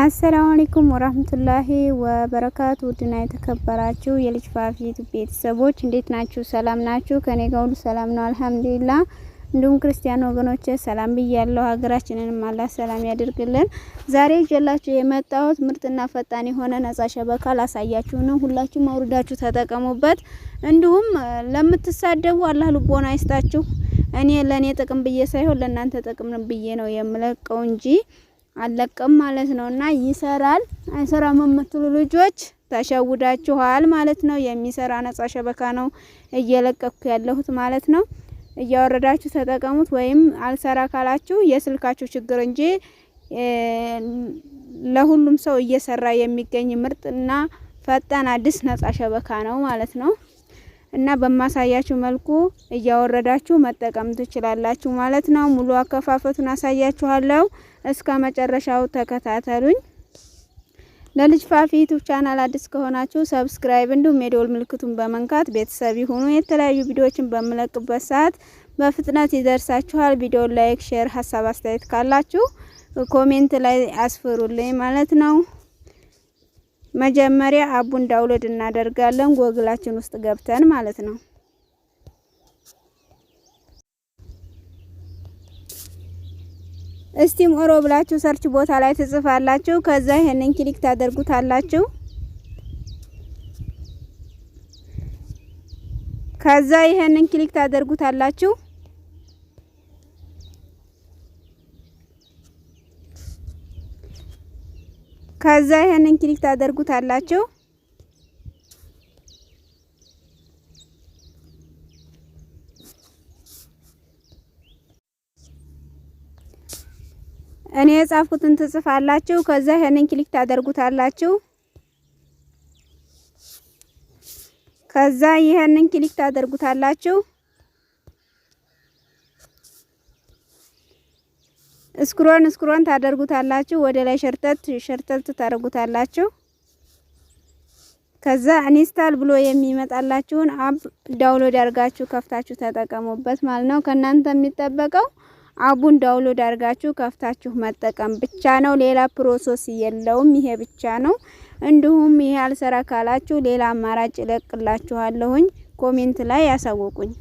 አሰላሙ አለይኩም ወራህመቱላሂ ወበረካቱ። ውድና የተከበራችሁ የልጅ ፋፊ ቤተሰቦች እንዴት ናችሁ? ሰላም ናችሁ? ከኔ ጋር ሁሉ ሰላም ነው አልሐምዱሊላህ። እንዲሁም ክርስቲያን ወገኖች ሰላም ብያለሁ። ሀገራችንንም አላህ ሰላም ያድርግልን። ዛሬ ይዤላችሁ የመጣሁት ምርጥና ፈጣን የሆነ ነጻ ሸበካ ላሳያችሁ ነው። ሁላችሁም አውርዳችሁ ተጠቀሙበት። እንዲሁም ለምትሳደቡ አላህ ልቦና አይስጣችሁ። እኔ ለኔ ጥቅም ብዬ ሳይሆን ለእናንተ ጥቅም ብዬ ነው የምለቀው እንጂ አለቅም ማለት ነው እና ይሰራል አይሰራም የምትሉ ልጆች ተሸውዳችኋል ማለት ነው። የሚሰራ ነጻ ሸበካ ነው እየለቀኩ ያለሁት ማለት ነው። እያወረዳችሁ ተጠቀሙት። ወይም አልሰራ ካላችሁ የስልካችሁ ችግር እንጂ ለሁሉም ሰው እየሰራ የሚገኝ ምርጥና ፈጣን አዲስ ነጻ ሸበካ ነው ማለት ነው። እና በማሳያችሁ መልኩ እያወረዳችሁ መጠቀም ትችላላችሁ ማለት ነው። ሙሉ አከፋፈቱን አሳያችኋለሁ። እስከ መጨረሻው ተከታተሉኝ። ለልጅ ፋፊ ዩቲዩብ ቻናል አዲስ ከሆናችሁ ሰብስክራይብ እንዲሁም የደወል ምልክቱን በመንካት ቤተሰብ ይሁኑ። የተለያዩ ቪዲዮዎችን በምለቅበት ሰዓት በፍጥነት ይደርሳችኋል። ቪዲዮን ላይክ፣ ሼር፣ ሀሳብ አስተያየት ካላችሁ ኮሜንት ላይ አስፍሩልኝ ማለት ነው። መጀመሪያ አቡን ዳውሎድ እናደርጋለን ጎግላችን ውስጥ ገብተን ማለት ነው። እስቲም ኦሮ ብላችሁ ሰርች ቦታ ላይ ትጽፋላችሁ። ከዛ ይሄንን ክሊክ ታደርጉታላችሁ። ከዛ ይሄንን ክሊክ ታደርጉታላችሁ። ከዛ ይሄንን ክሊክ ታደርጉታላችሁ። እኔ የጻፍኩትን ትጽፋላችሁ። ከዛ ይሄንን ክሊክ ታደርጉታላችሁ። ከዛ ይሄንን ክሊክ ታደርጉታላችሁ። እስክሮን እስክሮን ታደርጉታላችሁ። ወደ ላይ ሸርተት ሸርተት ታደርጉታላችሁ። ከዛ ኢንስታል ብሎ የሚመጣላችሁን አፕ ዳውንሎድ አድርጋችሁ ከፍታችሁ ተጠቀሙበት ማለት ነው። ከእናንተ የሚጠበቀው አቡን ዳውንሎድ አድርጋችሁ ከፍታችሁ መጠቀም ብቻ ነው። ሌላ ፕሮሰስ የለውም። ይሄ ብቻ ነው። እንዲሁም ይሄ አልሰራ ካላችሁ ሌላ አማራጭ እለቅላችኋለሁኝ። ኮሜንት ላይ ያሳወቁኝ።